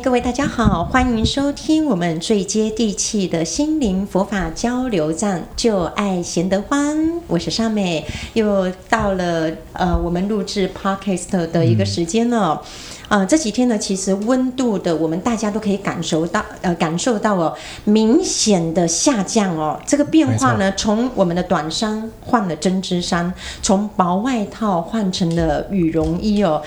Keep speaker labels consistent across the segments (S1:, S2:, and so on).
S1: 各位大家好，歡迎收聽我們最接地氣的心靈佛法交流站，就愛賢得歡，我是莎美，又到了呃我們錄制 podcast 的一個時間了、哦，嗯、呃，這幾天呢，其實溫度的我們大家都可以感受到，呃，感受到哦，明顯的下降哦，這個變化呢，沒錯，從我們的短衫換了針織衫，從薄外套換成了羽絨衣哦。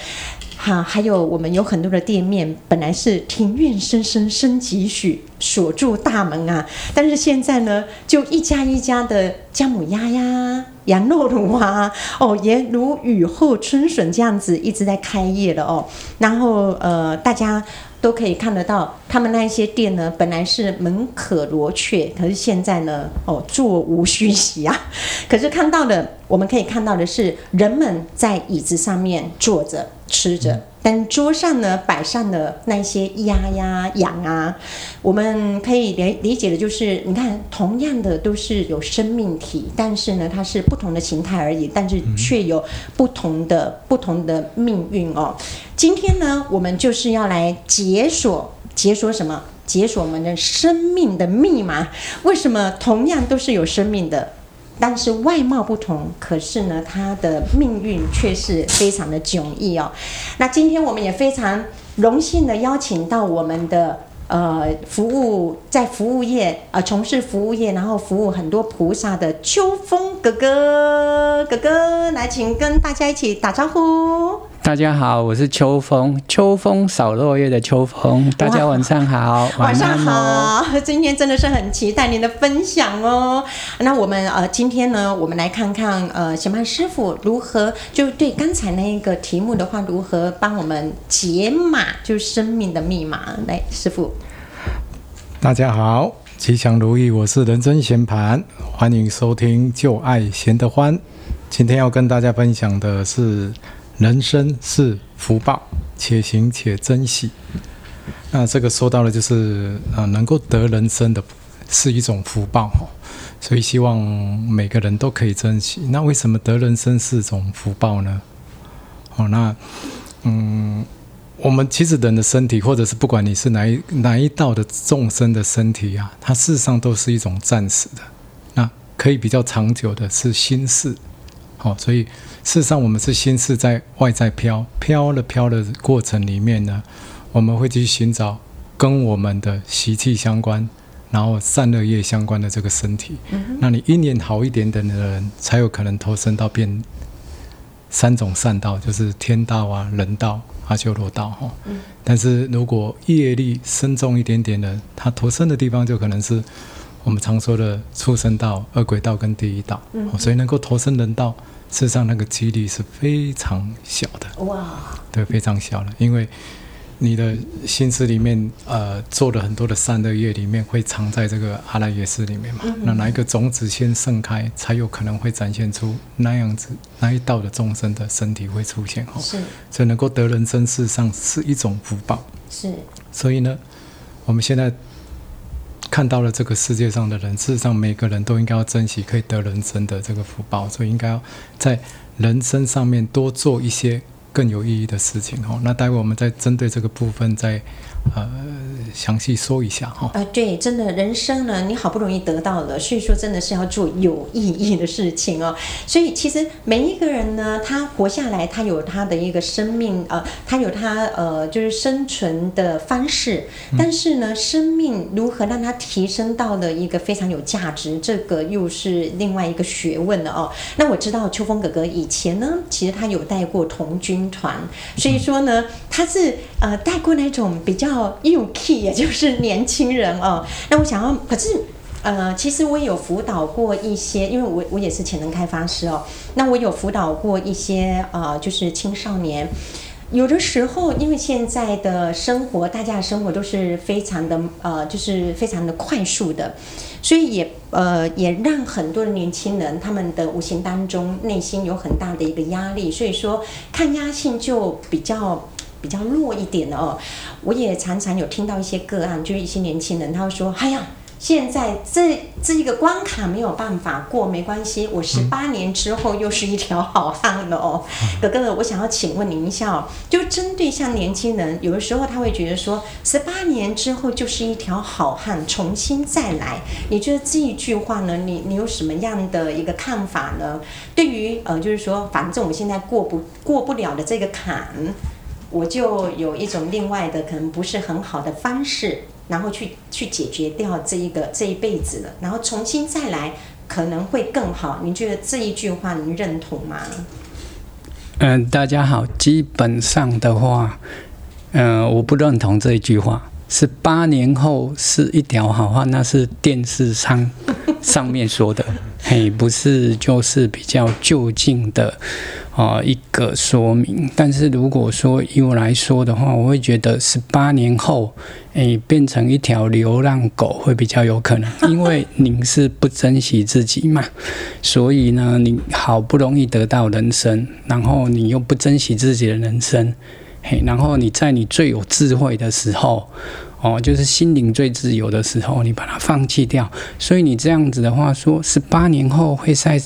S1: 哈，還有我們有很多的店面，本來是庭院深深深幾許，鎖住大門啊，但是現在呢，就一家一家的薑母鴨呀、羊肉爐啊，哦，也如雨後春筍這樣子一直在開業了哦。然後呃，大家都可以看得到。他們那一些店呢，本來是門可羅雀，可是現在呢，哦，座無虛席啊。可是看到的，我們可以看到的是，人們在椅子上面坐着吃着，但桌上呢擺上的那些鴨呀、羊啊。我們可以理理解的就是，你看，同樣的都是有生命體，但是呢，它是不同的形態而已，但是卻有不同的不同的命運哦。今天呢，我們就是要來解鎖。解鎖什麼？解鎖我們的生命的密碼。為什麼同樣都是有生命的，但是外貌不同，可是呢，它的命運卻是非常的迥異哦。那今天我們也非常榮幸地邀請到我們的呃服務在服務業啊，呃，從事服務業，然後服務很多菩薩的秋風哥哥，哥哥來，請跟大家一起打招呼。
S2: 大家好，我是秋風，秋風掃落葉的秋風。大家晚上好，哇晚，哦、晚上
S1: 好。今天真的是很期待您的分享哦。那我們呃，今天呢，我們來看看呃，賢槃師父如何就對剛才那一個題目的話，如何幫我們解碼，就是、生命的密碼。來，師父。
S3: 大家好，吉祥如意，我是仁增賢槃，歡迎收聽《就愛賢得歡》。今天要跟大家分享的是，人身是福報，且行且珍惜。那這個說到了，就是啊，能夠得人身的是一種福報。所以希望每個人都可以珍惜。那為什麼得人身是一種福報呢？好，那嗯，我們其實人的身體，或者是不管你是哪一哪一道的眾生的身體啊，它事實上都是一種暫時的。那可以比較長久的是心事。好、哦，所以事實上，我們是心是在外在飄，飄了飄的過程裡面呢，我們會去尋找跟我們的習氣相關，然後善惡業相關的這個身體。嗯、哼那你一年好一點點的人，才有可能投生到變三種善道，就是天道啊、人道、阿修羅道哈。哦嗯、但是如果業力深重一點點的人，他投生的地方就可能是。我們常說的畜生道、餓鬼道跟地獄道。嗯哼哦、所以能夠投生人道，事實上那個幾率是非常小
S2: 的。哇！
S3: 對，非常小的。因為你的心思裡面，呃，做了很多的善惡業，裡面會藏在這個阿賴耶識裡面嘛。嗯、哼那哪一個種子先盛開，才有可能會展現出那樣子那一道的眾生的身體會出現哦。是所以能夠得人身，事實上是一種福報。是，所以呢，我們現在。看到了這個世界上的人，事實上每個人都應該要珍惜可以得人身的這個福報，所以應該要在人生上面多做一些更有意義的事情哦。那待會我們再針對這個部分再。呃，詳細說一下哈。
S1: 啊、哦呃，對，真的人身呢，你好不容易得到了，所以說真的是要做有意義的事情哦。所以其實每一個人呢，他活下來，他有他的一個生命，呃，他有他呃，就是生存的方式。但是呢，嗯、生命如何讓他提升到了一個非常有價值，這個又是另外一個學問了哦。那我知道秋風哥哥以前呢，其實他有帶過童軍團，所以說呢，嗯、他是呃帶過那種比較。哦 UK 也就是年輕人哦。那我想要，可是呃，其實我也有輔導過一些，因為我我也是潛能開發師哦。那我有輔導過一些呃，就是青少年。有的時候，因為現在的生活，大家的生活都是非常的呃，就是非常的快速的，所以也呃，也讓很多的年輕人他們的無形當中內心有很大的一個壓力，所以說抗壓性就比較。比較弱一點的哦，我也常常有聽到一些個案，就是一些年輕人他會說：“哎呀，現在這這一個關卡沒有辦法過，沒關係，我十八年之後又是一條好漢了哦。”嗯。哥哥，我想要請問您一下哦，就針對像年輕人，有的時候他會覺得說，十八年之後就是一條好漢，重新再來，你覺得這一句話呢，你你有什麼樣的一個看法呢？對於呃，就是說，反正我們現在過不過不了的這個坎。我就有一種另外的可能不是很好的方式，然後去去解決掉這一個這一輩子了，然後重新再來可能會更好。您覺得這一句話您認同嗎？嗯、呃，
S2: 大家好，基本上的話，嗯、呃，我不認同這一句話。是十八年後是一條好漢，那是電視上 上面說的。嘿，hey, 不是，就是比較就近的啊一個說明。但是如果說以我來說的話，我會覺得十八年後，誒、欸，變成一條流浪狗會比較有可能，因為您是不珍惜自己嘛。 所以呢，你好不容易得到人生，然後你又不珍惜自己的人生，嘿，然後你在你最有智慧的時候。哦，就是心靈最自由的時候，你把它放棄掉。所以你這樣子的話說，十八年後會再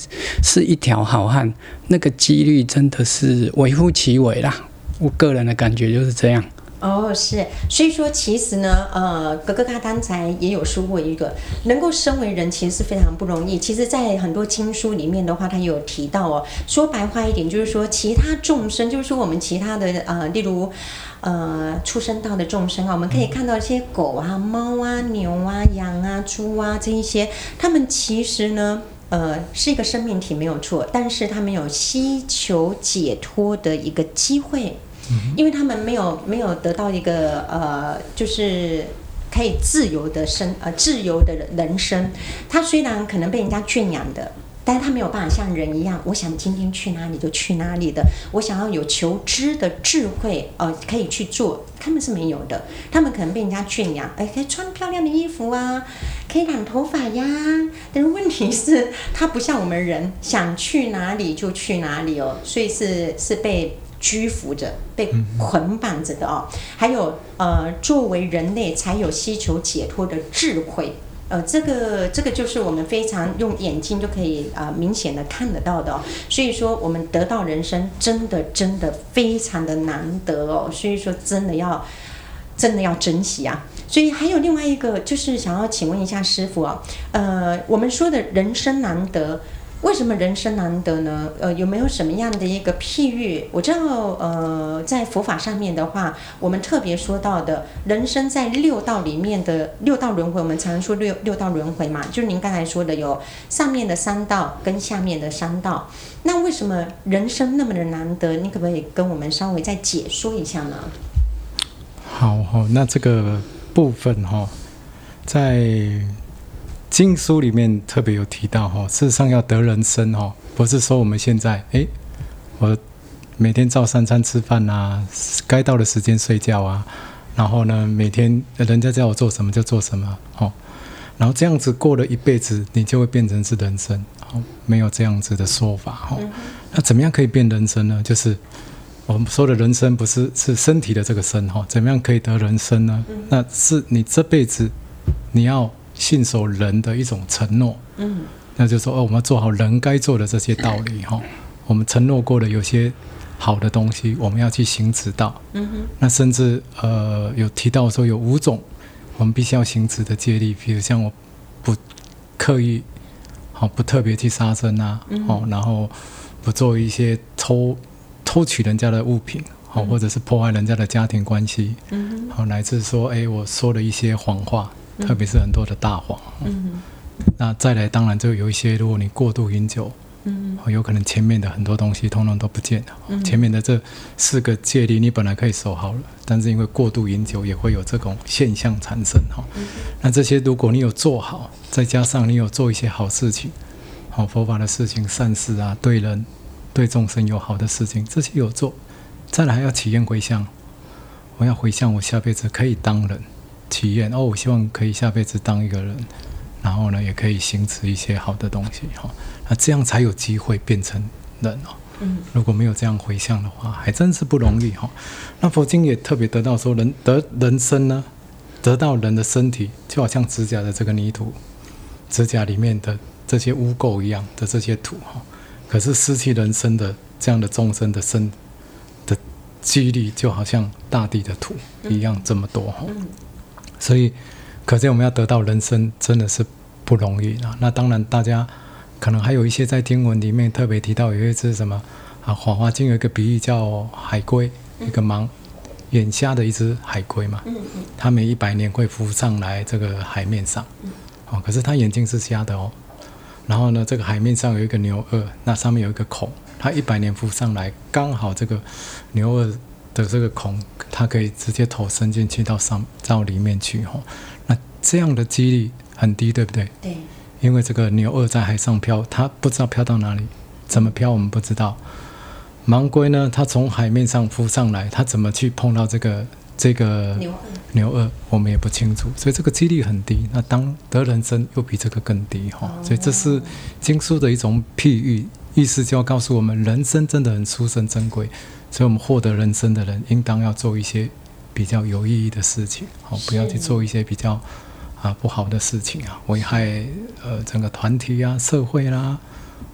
S2: 是一條好漢，那個幾率真的是微乎其微啦。我個人的感覺就是這樣。
S1: 哦，是，所以說其實呢，呃，哥哥剛才也有說過一個，能夠生為人其實是非常不容易。其實，在很多經書裡面的話，他有提到哦。說白話一點，就是說其他眾生，就是說我們其他的呃，例如呃，畜生道的眾生啊，我們可以看到一些狗啊、貓啊、牛啊、羊啊、豬啊這一些，他們其實呢，呃，是一個生命體沒有錯，但是他們有希求解脫的一個機會。因為他們沒有沒有得到一個呃，就是可以自由的生，呃，自由的人生。他雖然可能被人家圈養的，但是他沒有辦法像人一樣，我想今天去哪裡就去哪裡的。我想要有求知的智慧，呃，可以去做，他們是沒有的。他們可能被人家圈養，哎，可以穿漂亮的衣服啊，可以染頭髮呀。但是問題是，他不像我們人想去哪裡就去哪裡哦，所以是是被。屈服着、被捆綁着的哦，還有呃，作為人類才有希求解脫的智慧，呃，這個這個就是我們非常用眼睛就可以啊、呃、明顯的看得到的哦。所以說，我們得到人身真的真的非常的難得哦，所以說真的要真的要珍惜啊。所以還有另外一個，就是想要請問一下師父啊、哦，呃，我們說的人身難得。為什麼人生難得呢？呃，有沒有什麼樣的一個譬喻？我知道，呃，在佛法上面的話，我們特別說到的，人生在六道裡面的六道輪迴，我們常常說六六道輪迴嘛，就是您剛才說的有上面的三道跟下面的三道。那為什麼人生那麼的難得？你可不可以跟我們稍微再解說一下呢？
S3: 好、哦，好，那這個部分哈、哦，在。經書裡面特別有提到哈，事實上要得人身哈，不是說我們現在誒，我每天照三餐吃飯啊，該到的時間睡覺啊，然後呢，每天人家叫我做什麼就做什麼哦，然後這樣子過了一輩子，你就會變成是人身哦，沒有這樣子的說法哈。嗯、哼那怎麼樣可以變人身呢？就是我們說的人身不是是身體的這個身哈，怎麼樣可以得人身呢？那是你這輩子你要。信守人的一種承諾，嗯哼，那就是說哦，我們要做好人該做的這些道理哈。咳咳，我們承諾過的有些好的東西，我們要去行持到。嗯哼。那甚至呃有提到說有五種我們必須要行持的戒律，比如像我不刻意好、哦、不特別去殺生啊，嗯、哼哦，然後不做一些偷偷取人家的物品，好、嗯、哼或者是破壞人家的家庭關係，嗯哼。好，乃至說誒、欸，我說了一些謊話。嗯、特別是很多的大謊。嗯嗯、那再來當然就有一些，如果你過度飲酒，嗯、哼有可能前面的很多東西通通都不見了。嗯、哼前面的這四個戒律你本來可以守好了，但是因為過度飲酒也會有這種現象產生哈。嗯、哼那這些如果你有做好，再加上你有做一些好事情，好佛法的事情、善事啊，對人、對眾生有好的事情，這些有做，再來還要起願回向，我要回向我下輩子可以當人。體驗哦，我希望可以下輩子當一個人，然後呢，也可以行持一些好的東西哈、哦，那這樣才有機會變成人哦。嗯，如果沒有這樣回向的話，還真是不容易哈、哦。那佛經也特別得到說人，人得人生呢，得到人的身體，就好像指甲的這個泥土，指甲裡面的這些污垢一樣的這些土哈、哦。可是失去人生的這樣的眾生的生的幾率，就好像大地的土一樣、嗯、這麼多哈。哦嗯所以，可見我們要得到人身真的是不容易啊！那當然，大家可能還有一些在聽文裡面特別提到有一隻什麼啊，黃花經有一個比喻叫海龜，嗯、一個盲眼瞎的一隻海龜嘛。他、嗯嗯、它每一百年會浮上來這個海面上，哦、啊，可是它眼睛是瞎的哦。然後呢，這個海面上有一個牛軛，那上面有一個孔，它一百年浮上來剛好這個牛軛。的這個孔，它可以直接投身進去到，上到裡面去哈、哦，那這樣的幾率很低，對不對？對，因為這個牛軛在海上漂，它不知道漂到哪裡，怎麼漂我們不知道。盲龜呢，它從海面上浮上來，它怎麼去碰到這個這個牛，牛軛，我們也不清楚，所以這個幾率很低。那當得人生又比這個更低哈、哦，嗯、所以這是經書的一種譬喻，意思就要告訴我們，人生真的很殊勝珍貴。所以，我們獲得人身的人，應當要做一些比較有意義的事情，好是、哦，不要去做一些比較啊、呃、不好的事情啊，危害呃整個團體啊、社會啦、啊，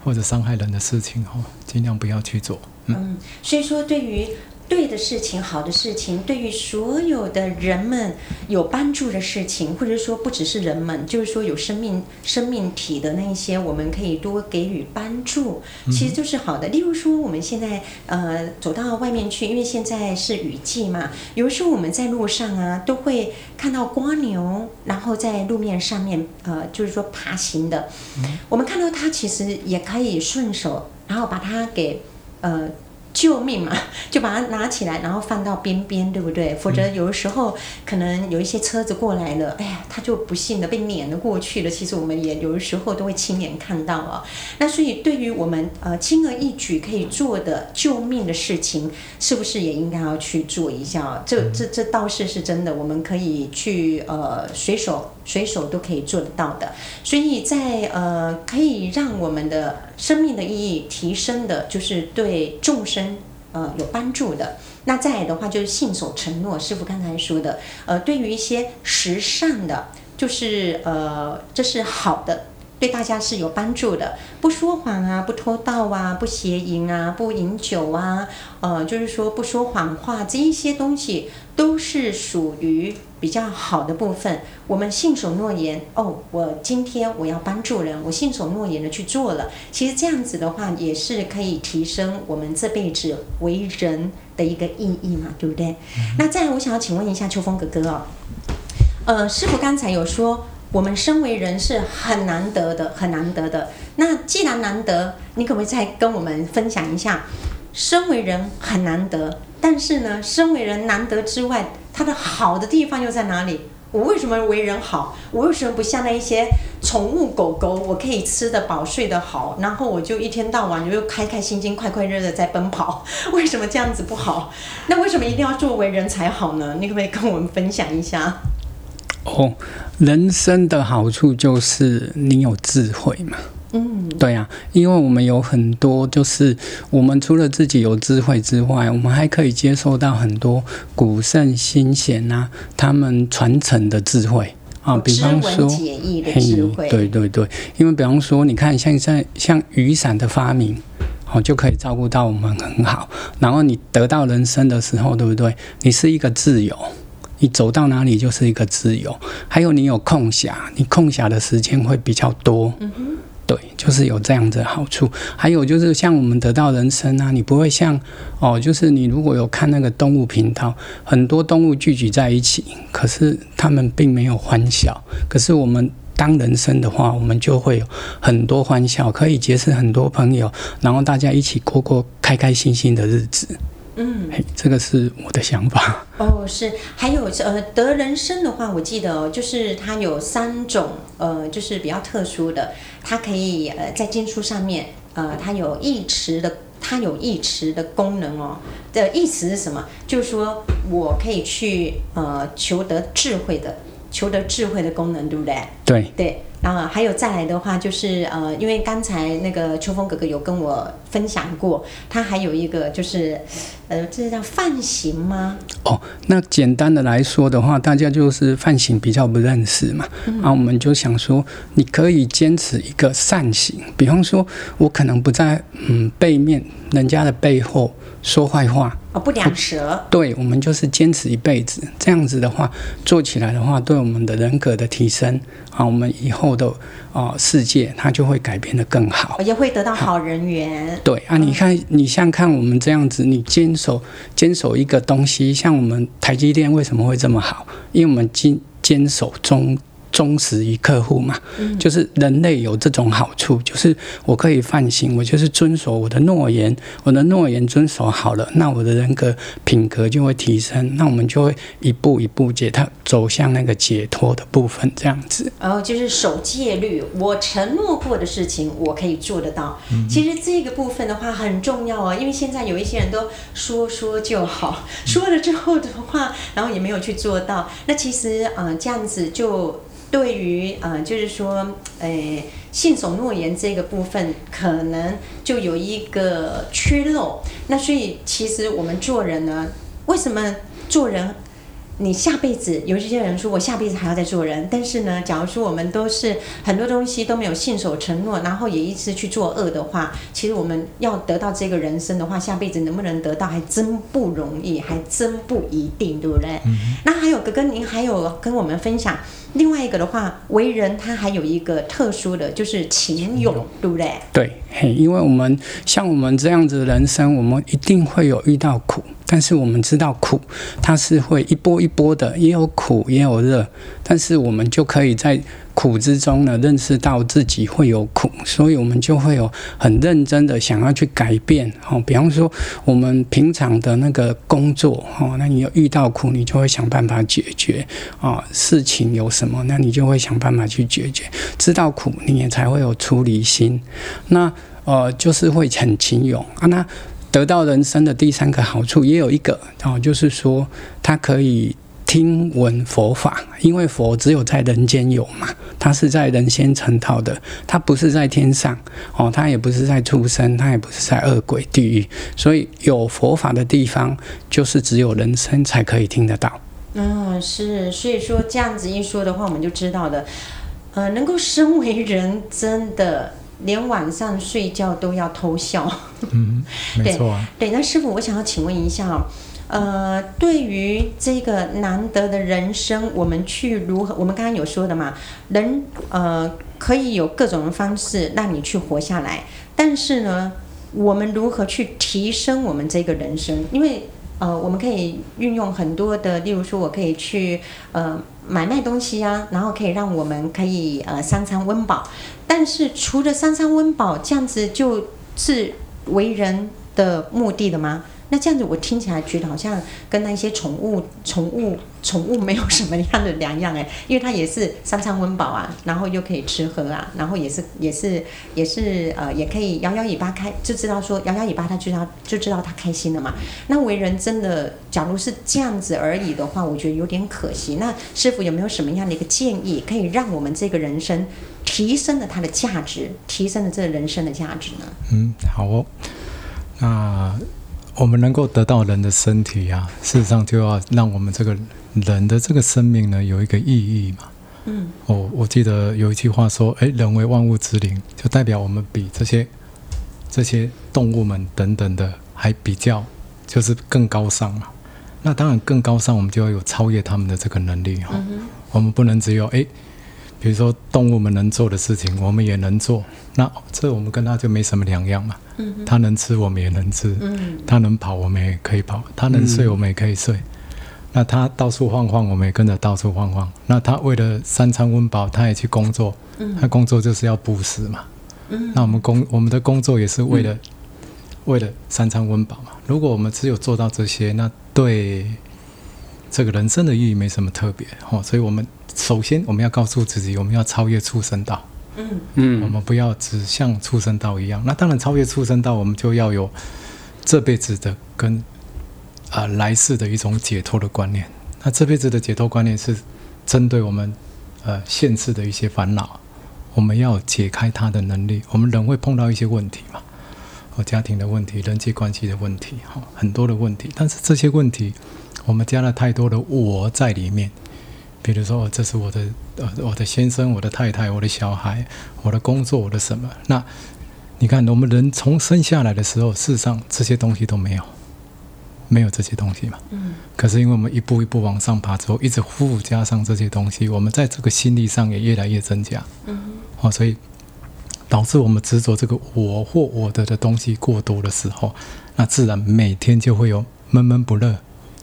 S3: 或者傷害人的事情，哈、哦，盡量不要去做。嗯，
S1: 嗯所以說對於。對的事情，好的事情，對於所有的人們有幫助的事情，或者說不只是人們，就是說有生命生命體的那一些，我們可以多給予幫助，其實就是好的。例如說，我們現在呃走到外面去，因為現在是雨季嘛，有時候我們在路上啊都會看到蝸牛，然後在路面上面呃就是說爬行的，嗯、我們看到它其實也可以順手，然後把它給呃。救命嘛，就把它拿起來，然後放到邊邊，對不對？否則有的時候、嗯、可能有一些車子過來了，哎呀，他就不幸的被碾了過去了。其實我們也有的時候都會親眼看到啊、哦。那所以對於我們呃輕而易舉可以做的救命的事情，是不是也應該要去做一下，哦？這這這倒是是真的，我們可以去呃隨手。隨手都可以做得到的，所以在呃可以讓我們的生命的意義提升的，就是對眾生呃有幫助的。那再來的話就是信守承諾，師父剛才說的，呃，對於一些十善的，就是呃這是好的，對大家是有幫助的。不說謊啊，不偷盜啊，不邪淫啊，不飲酒啊，呃，就是說不說謊話，這一些東西都是屬於。比較好的部分，我們信守諾言哦。我今天我要幫助人，我信守諾言的去做了。其實這樣子的話，也是可以提升我們這輩子為人的一個意義嘛，對不對？嗯、哼那再來，我想要請問一下秋風哥哥哦。呃，師父剛才有說，我們身為人是很難得的，很難得的。那既然難得，你可不可以再跟我們分享一下，身為人很難得，但是呢，身為人難得之外。它的好的地方又在哪裡？我為什麼為人好？我為什麼不像那一些寵物狗狗，我可以吃得飽、睡得好，然後我就一天到晚就開開心心、快快樂樂在奔跑？為什麼這樣子不好？那為什麼一定要作為人才好呢？你可不可以跟我們分享一下？哦
S2: ，oh, 人身的好處就是你有智慧嘛。嗯，對啊。因為我們有很多，就是我們除了自己有智慧之外，我們還可以接受到很多古聖先賢啊，他們傳承的智慧啊、哦，比方說的智慧嘿，對對對，因為比方說，你看現在像雨傘的發明，哦，就可以照顧到我們很好。然後你得到人身的時候，對不對？你是一個自由，你走到哪裡就是一個自由。還有你有空暇，你空暇的時間會比較多。嗯哼對，就是有這樣子的好處。還有就是，像我們得到人身啊，你不會像哦，就是你如果有看那個動物頻道，很多動物聚集在一起，可是他們並沒有歡笑。可是我們當人身的話，我們就會有很多歡笑，可以結識很多朋友，然後大家一起過過開開心心的日子。嗯，這個是我的想法。
S1: 哦，是。還有呃，得人身的話，我記得哦，就是它有三種呃，就是比較特殊的。它，可以呃在經書上面，呃，它有意持的，它有意持的功能哦。的意思是什麼？就是說我可以去呃求得智慧的，求得智慧的功能，對不對？對。對然後、啊、還有再來的話就是呃，因為剛才那個秋風哥哥有跟我分享過，他還有一個就是，呃，這是叫梵行嗎？
S2: 哦，那簡單的來說的話，大家就是梵行比較不認識嘛。嗯、啊，我們就想說，你可以堅持一個善行，比方說我可能不在嗯背面人家的背後說壞話
S1: 啊、哦，不兩舌。
S2: 對，我們就是堅持一輩子，這樣子的話做起來的話，對我們的人格的提升啊，我們以後。我的哦，世界它就會改變得更好，
S1: 也會得到好人緣。啊，
S2: 對啊，你看，你像看我們這樣子，你堅守堅守一個東西，像我們台積電為什麼會這麼好？因為我們堅堅守中，忠實於客戶嘛，嗯、就是人類有這種好處，就是我可以放心，我就是遵守我的諾言，我的諾言遵守好了，那我的人格品格就會提升，那我們就會一步一步解脫走向那個解脫的部分，這樣子。
S1: 然後、哦、就是守戒律，我承諾過的事情，我可以做得到。嗯、哼其實這個部分的話很重要啊、哦，因為現在有一些人都說說就好，說了之後的話，然後也沒有去做到。那其實啊、呃，這樣子就。對於，呃，就是說，誒，信守諾言這個部分，可能就有一個缺漏。那所以，其實我們做人呢，為什麼做人？你下輩子有些人說，我下輩子還要再做人。但是呢，假如說我們都是很多東西都沒有信守承諾，然後也一直去做惡的話，其實我們要得到這個人生的話，下輩子能不能得到，還真不容易，還真不一定，對不對？嗯、那還有哥哥，您還有跟我們分享另外一個的話，為人他還有一個特殊的就是情勇，嗯、對不對？
S2: 對，因為我們像我們這樣子的人生，我們一定會有遇到苦。但是我們知道苦，它是會一波一波的，也有苦也有樂。但是我們就可以在苦之中呢，認識到自己會有苦，所以我們就會有很認真的想要去改變。哦，比方說我們平常的那個工作，哦，那你有遇到苦，你就會想辦法解決。啊、哦，事情有什麼，那你就會想辦法去解決。知道苦，你也才會有出離心。那呃，就是會很勤勇啊。那得到人生，的第三個好處也有一個哦，就是說他可以聽聞佛法，因為佛只有在人間有嘛，他是在人間成道的，他不是在天上哦，他也不是在畜生，他也不是在惡鬼地獄，所以有佛法的地方就是只有人生才可以聽得到。
S1: 嗯，是，所以說這樣子一說的話，我們就知道了，呃，能夠身為人真的。連晚上睡覺都要偷笑，嗯，沒錯啊，對，對。那師父，我想要請問一下，呃，對於這個難得的人身，我們去如何？我們剛剛有說的嘛，人呃可以有各種的方式讓你去活下來，但是呢，我們如何去提升我們這個人生？因為呃，我們可以運用很多的，例如說，我可以去呃買賣東西啊，然後可以讓我們可以呃三餐溫飽。但是，除了三餐溫飽這樣子，就是為人的目的了嗎？那這樣子，我聽起來覺得好像跟那些寵物、寵物、寵物沒有什麼樣的兩樣誒、欸，因為它也是三餐溫飽啊，然後又可以吃喝啊，然後也是也是也是呃，也可以搖搖尾巴開，就知道說搖搖尾巴他就知道就知道他開心了嘛。那為人真的，假如是這樣子而已的話，我覺得有點可惜。那師父有沒有什麼樣的一個建議，可以讓我們這個人生提升了它的價值，提升了這人生的價值呢？嗯，
S3: 好哦，那。我們能夠得到人的身體啊，事實上就要讓我們這個人的這個生命呢，有一個意義嘛。嗯、哦，我我記得有一句話說，哎，人為萬物之靈，就代表我們比這些這些動物們等等的還比較，就是更高尚嘛。那當然更高尚，我們就要有超越他們的這個能力哈、哦。嗯、哼我們不能只有哎。誒比如說，動物們能做的事情，我們也能做。那這我們跟它就沒什麼兩樣嘛。它能吃，我們也能吃。嗯，它能跑，我們也可以跑。它能睡，我們也可以睡。嗯、那它到處晃晃，我們也跟着到處晃晃。那它為了三餐溫飽，它也去工作。嗯，它工作就是要捕食嘛。嗯，那我們工我們的工作也是為了、嗯、為了三餐溫飽嘛。如果我們只有做到這些，那對這個人生的意義沒什麼特別。好，所以我們。首先，我們要告訴自己，我們要超越畜生道。嗯嗯，我們不要只像畜生道一樣。那當然，超越畜生道，我們就要有這輩子的跟啊、呃、來世的一種解脫的觀念。那這輩子的解脫觀念是針對我們呃現世的一些煩惱，我們要解開它的能力。我們人會碰到一些問題嘛，和家庭的問題、人際關係的問題，很多的問題。但是這些問題，我們加了太多的我在裡面。比如說，我這是我的。呃，我的先生，我的太太，我的小孩，我的工作，我的什麼。那你看，我們人從生下來的時候，世上這些東西都沒有，沒有這些東西嘛。嗯。可是因為我們一步一步往上爬之後，一直附加上這些東西，我們在這個心理上也越來越增加。嗯哼。哦，所以導致我們執着這個我或我的的東西過多的時候，那自然每天就會有悶悶不樂、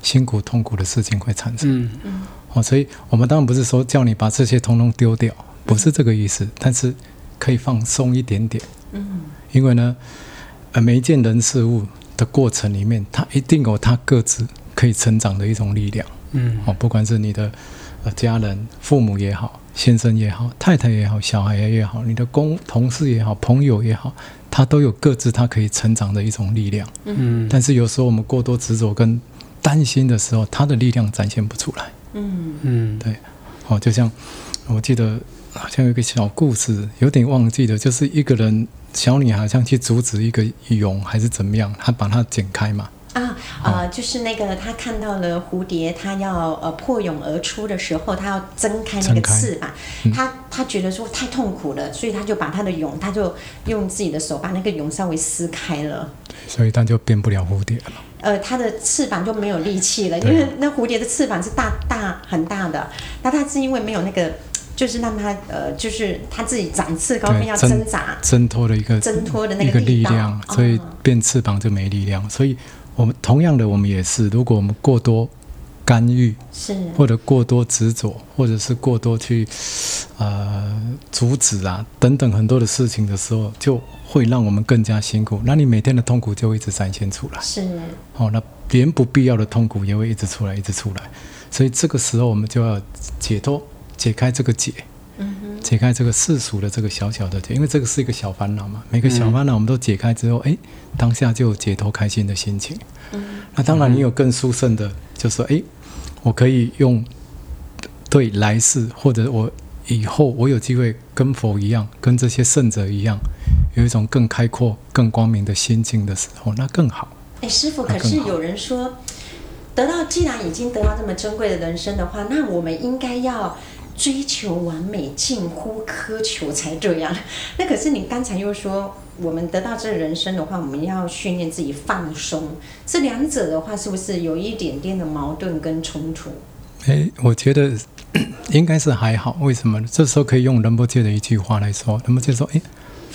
S3: 辛苦痛苦的事情會產生。嗯。嗯嗯。哦，所以我們當然不是說叫你把這些統統丟掉，不是這個意思。嗯，但是可以放鬆一點點，嗯，因為呢，呃，每一件人事物的過程裡面，它一定有它各自可以成長的一種力量，嗯。哦，不管是你的呃家人、父母也好，先生也好，太太也好，小孩也好，你的公同事也好，朋友也好，他都有各自他可以成長的一種力量，嗯。但是有時候我們過多執着跟擔心的時候，他的力量展現不出來。嗯嗯，對，哦，就像我記得好像有一個小故事，有點忘記的就是一個人小女孩想去阻止一個蛹還是怎麼樣，她把它剪開嘛。
S1: 啊啊、哦呃，就是那個她看到了蝴蝶，它要呃破蛹而出的時候，它要睜開那個翅膀，她她、嗯、覺得說太痛苦了，所以她就把她的蛹，她就用自己的手把那個蛹稍微撕開了，
S3: 所以她就變不了蝴蝶
S1: 了。呃，它的翅膀就沒有力氣了，因為那蝴蝶的翅膀是大大很大的，那它是因為沒有那個，就是讓它呃，就是它自己長翅高飛對要掙扎、
S3: 掙脫的一個、掙脫的那個力,個力量，所以變翅膀就沒力量。哦。所以我們同樣的，我們也是，如果我們過多干預，是或者過多執着，或者是過多去呃阻止啊等等很多的事情的時候，就。會讓我們更加辛苦，那你每天的痛苦就會一直展現出來。是呢，好，哦，那別人不必要的痛苦也會一直出來，一直出來。所以這個時候我們就要解脫，解開這個結，嗯、哼解開這個世俗的這個小小的結，因為這個是一個小煩惱嘛。每個小煩惱我們都解開之後，哎，嗯，當下就有解脫開心的心情。嗯、哼那當然你有更殊勝的，就是說，哎，我可以用對來世，或者我以後我有機會跟佛一樣，跟這些聖者一樣。有一種更開闊、更光明的心境的時候，那更好。
S1: 哎、欸，師父，可是有人說，得到既然已經得到這麼珍貴的人生的話，那我們應該要追求完美，近乎苛求才對啊。那可是你剛才又說，我們得到這人生的話，我們要訓練自己放鬆。這兩者的話，是不是有一點點的矛盾跟衝突？
S3: 哎、欸，我覺得應該是還好。為什麼？這時候可以用仁波切的一句話來說：仁波切說，哎、欸。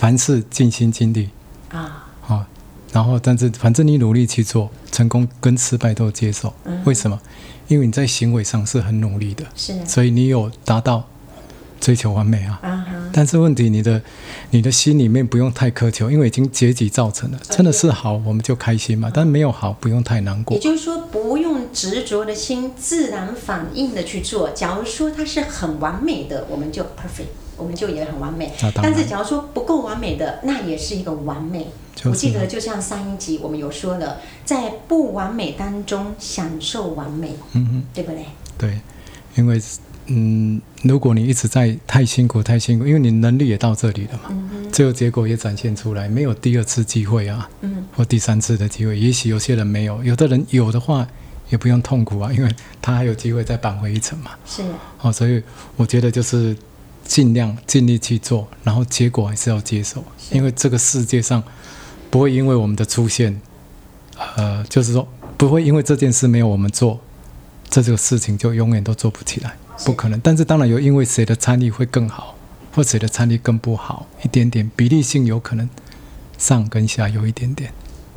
S3: 凡事盡心盡力，
S1: 啊、
S3: 哦，好、哦，然後，但是反正你努力去做，成功跟失敗都接受。嗯、哼為什麼？因為你在行為上是很努力的，是所以你有達到。追求完美啊，uh
S2: huh. 但
S3: 是問題你的，你的心裡面不用太苛求，因為已經結局造成了，真的是好我們就開心嘛，uh huh. 但沒有好不用太難
S1: 過。也就是說，不用執着的心，自然反應的去做。假如說它是很完美的，我們就 perfect，我，我們就也很完美。啊、但是假如說不夠完美的，那也是一個完美。啊、我記得就像上一集我們有說的，在不完美當中享受完美，嗯哼，對不對？
S3: 對，因為。嗯，如果你一直在太辛苦、太辛苦，因為你能力也到這裡了嘛，嗯、哼最後結果也展現出來，沒有第二次機會啊，嗯哼，或第三次的機會，也許有些人沒有，有的人有的話也不用痛苦啊，因為他還有機會再扳回一城嘛。是，哦，所以我覺得就是儘量盡力去做，然後結果還是要接受，是因為這個世界上不會因為我們的出現，呃，就是說不會因為這件事沒有我們做，這這個事情就永遠都做不起來。不可能，但是當然有，因為誰的差力會更好，或誰的差力更不好，一點點比例性，有可能上跟下有一點點，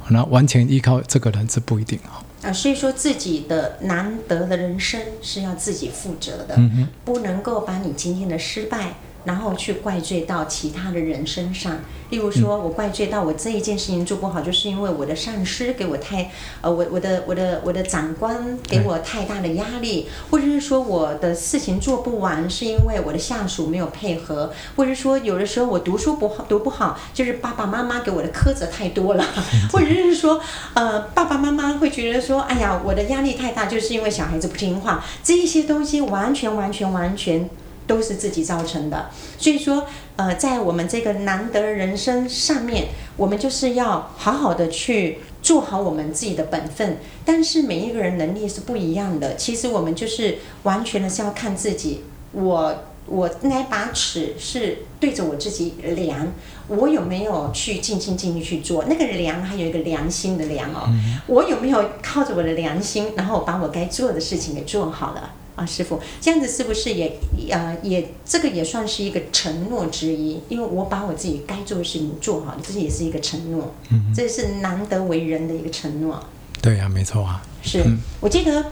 S3: 那完全依靠這個人是不一定哈。
S1: 啊，所以說自己的難得的人身是要自己負責的，嗯、哼不能夠把你今天的失敗。然後去怪罪到其他的人身上，例如說，我怪罪到我這一件事情做不好，就是因為我的上司給我太，呃，我我的我的我的長官給我太大的壓力，或者是說我的事情做不完，是因為我的下屬沒有配合，或者說有的時候我讀書不好讀不好，就是爸爸媽媽給我的苛責太多了，或者是說，呃，爸爸媽媽會覺得說，哎呀，我的壓力太大，就是因為小孩子不聽話，這一些東西完全完全完全。都是自己造成的，所以說，呃，在我們這個難得的人生上面，我們就是要好好的去做好我們自己的本分。但是每一個人能力是不一樣的，其實我們就是完全的是要看自己。我我那把尺是對着我自己量，我有沒有去盡心盡力去做？那個量還有一個良心的量哦，我有沒有靠着我的良心，然後把我該做的事情給做好了？啊，師父，這樣子是不是也啊、呃、也這個也算是一個承諾之一？因為我把我自己該做的事情做好，這是也是一個承諾，嗯哼，這是難得為人的一個承諾。
S3: 對呀、啊，沒錯啊。是、嗯、
S1: 我記得，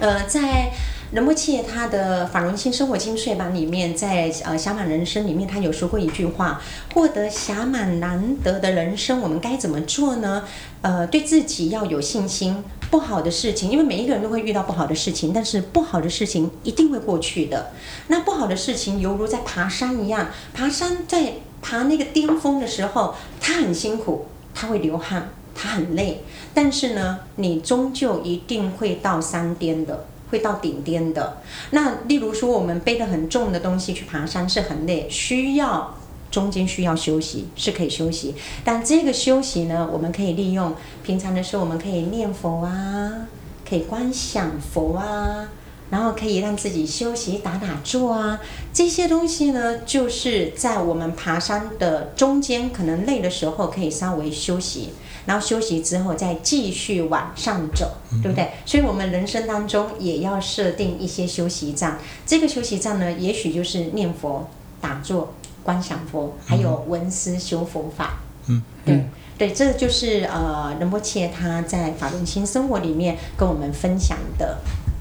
S1: 呃，在。仁波切他的《法融心生活精粹版》裡面，在呃“暇滿人生”裡面，他有說過一句話：“獲得暇滿難得的人生，我們該怎麼做呢？”呃，對自己要有信心。不好的事情，因為每一個人都會遇到不好的事情，但是不好的事情一定會過去的。那不好的事情，猶如在爬山一樣，爬山在爬那個巔峰的時候，他很辛苦，他會流汗，他很累，但是呢，你終究一定會到山巔的。會到頂點的。那例如說，我們背得很重的東西去爬山是很累，需要中間需要休息，是可以休息。但這個休息呢，我們可以利用平常的時候，我們可以念佛啊，可以觀想佛啊，然後可以讓自己休息、打打坐啊，這些東西呢，就是在我們爬山的中間可能累的時候，可以稍微休息。然後休息之後再繼續往上走，對不對？嗯、哼所以，我們人生當中也要設定一些休息站。這個休息站呢，也許就是念佛、打坐、觀想佛，還有聞思修佛法。嗯
S3: 哼，
S2: 對
S1: 對，這就是呃，仁波切他在《法融心生活》裡面跟我們分享的，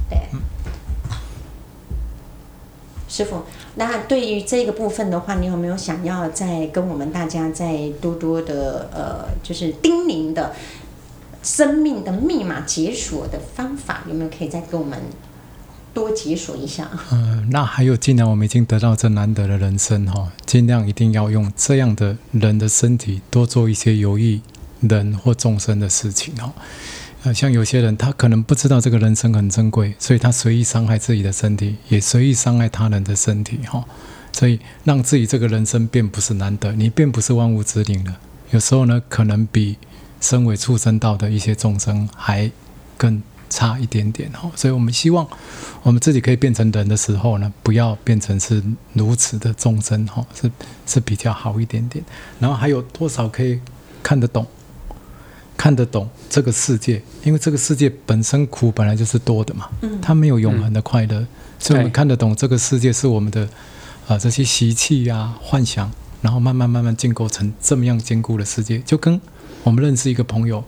S1: 對。嗯師父，那對於這個部分的話，你有沒有想要再跟我們大家再多多的呃，就是叮嚀的生命的密碼解鎖的方法，有沒有可以再給我們多解鎖一下？嗯、
S3: 呃，那還有既然我們已經得到這難得的人身哈，盡量一定要用這樣的人的身體多做一些有益人或眾生的事情哈！像有些人，他可能不知道這個人生很珍貴，所以他隨意傷害自己的身體，也隨意傷害他人的身體，哈，所以讓自己這個人生並不是難得，你並不是萬物之靈了。有時候呢，可能比身為畜生道的一些眾生還更差一點點，哈。所以我們希望我們自己可以變成人的時候呢，不要變成是如此的眾生，哈，是是比較好一點點。然後還有多少可以看得懂？看得懂這個世界，因為這個世界本身苦本來就是多的嘛，嗯、它沒有永恆的快樂，嗯、所以我們看得懂這個世界是我們的啊、呃、這些習氣呀、啊、幻想，然後慢慢慢慢建構成這麼樣堅固的世界。就跟我們認識一個朋友，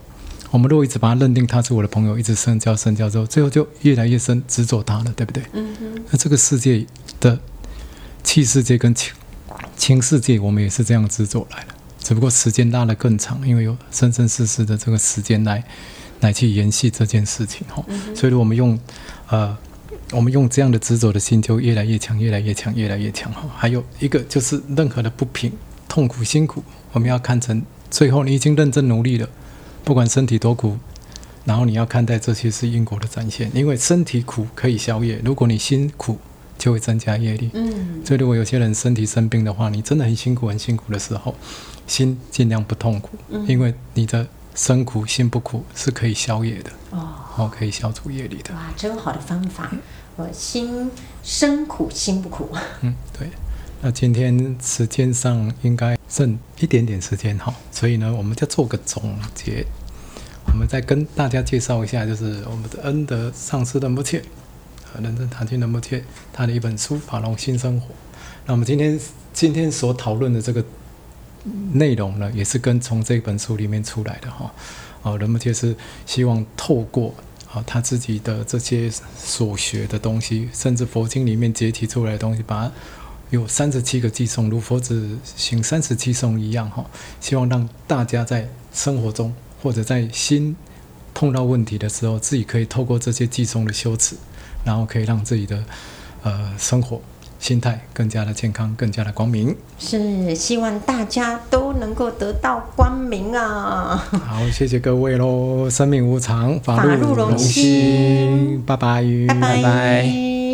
S3: 我們如果一直把它認定他是我的朋友，一直深交深交之後，最後就越來越深執着他了，對不對？那、嗯、哼這個世界的器世界跟情情世界，我們也是這樣執着來的。只不過時間拉得更長，因為有生生世世的這個時間來，來去延續這件事情哈。嗯哼。所以，如果我們用，呃，我們用這樣的執着的心，就越來越強，越來越強，越來越強哈。還有一個就是，任何的不平、痛苦、辛苦，我們要看成最後你已經認真努力了，不管身體多苦，然後你要看待這些是因果的展現。因為身體苦可以消業，如果你辛苦就會增加業力。嗯。所以，如果有些人身體生病的話，你真的很辛苦、很辛苦的時候。心盡量不痛苦，嗯、因為你的身苦心不苦是可以消業的哦，好、哦、可以消除
S1: 業力的。哇，真好的方法！我心身苦心不苦。嗯，對。
S3: 那今天時間上應該剩一點點時間哈，所以呢，我們就做個總結，我們再跟大家介紹一下，就是我們的恩德上師的默切，啊，仁增塔欽的默切，他的一本書《法融心生活》。那我們今天今天所討論的這個。內容呢，也是跟從這本書裡面出來的哈，哦，人們就是希望透過啊、哦、他自己的這些所學的東西，甚至佛經裡面解體出來的東西，把它有三十七個偈頌，如佛子行三十七頌一樣哈、哦，希望讓大家在生活中或者在心碰到問題的時候，自己可以透過這些偈頌的修持，然後可以讓自己的呃生活，心態更加的健康，更加的光明。
S1: 是希望大家都能夠得到光明啊！
S3: 好，謝謝各位嘍。生命無常，法入榮心。榮心拜拜，拜拜。拜拜拜拜。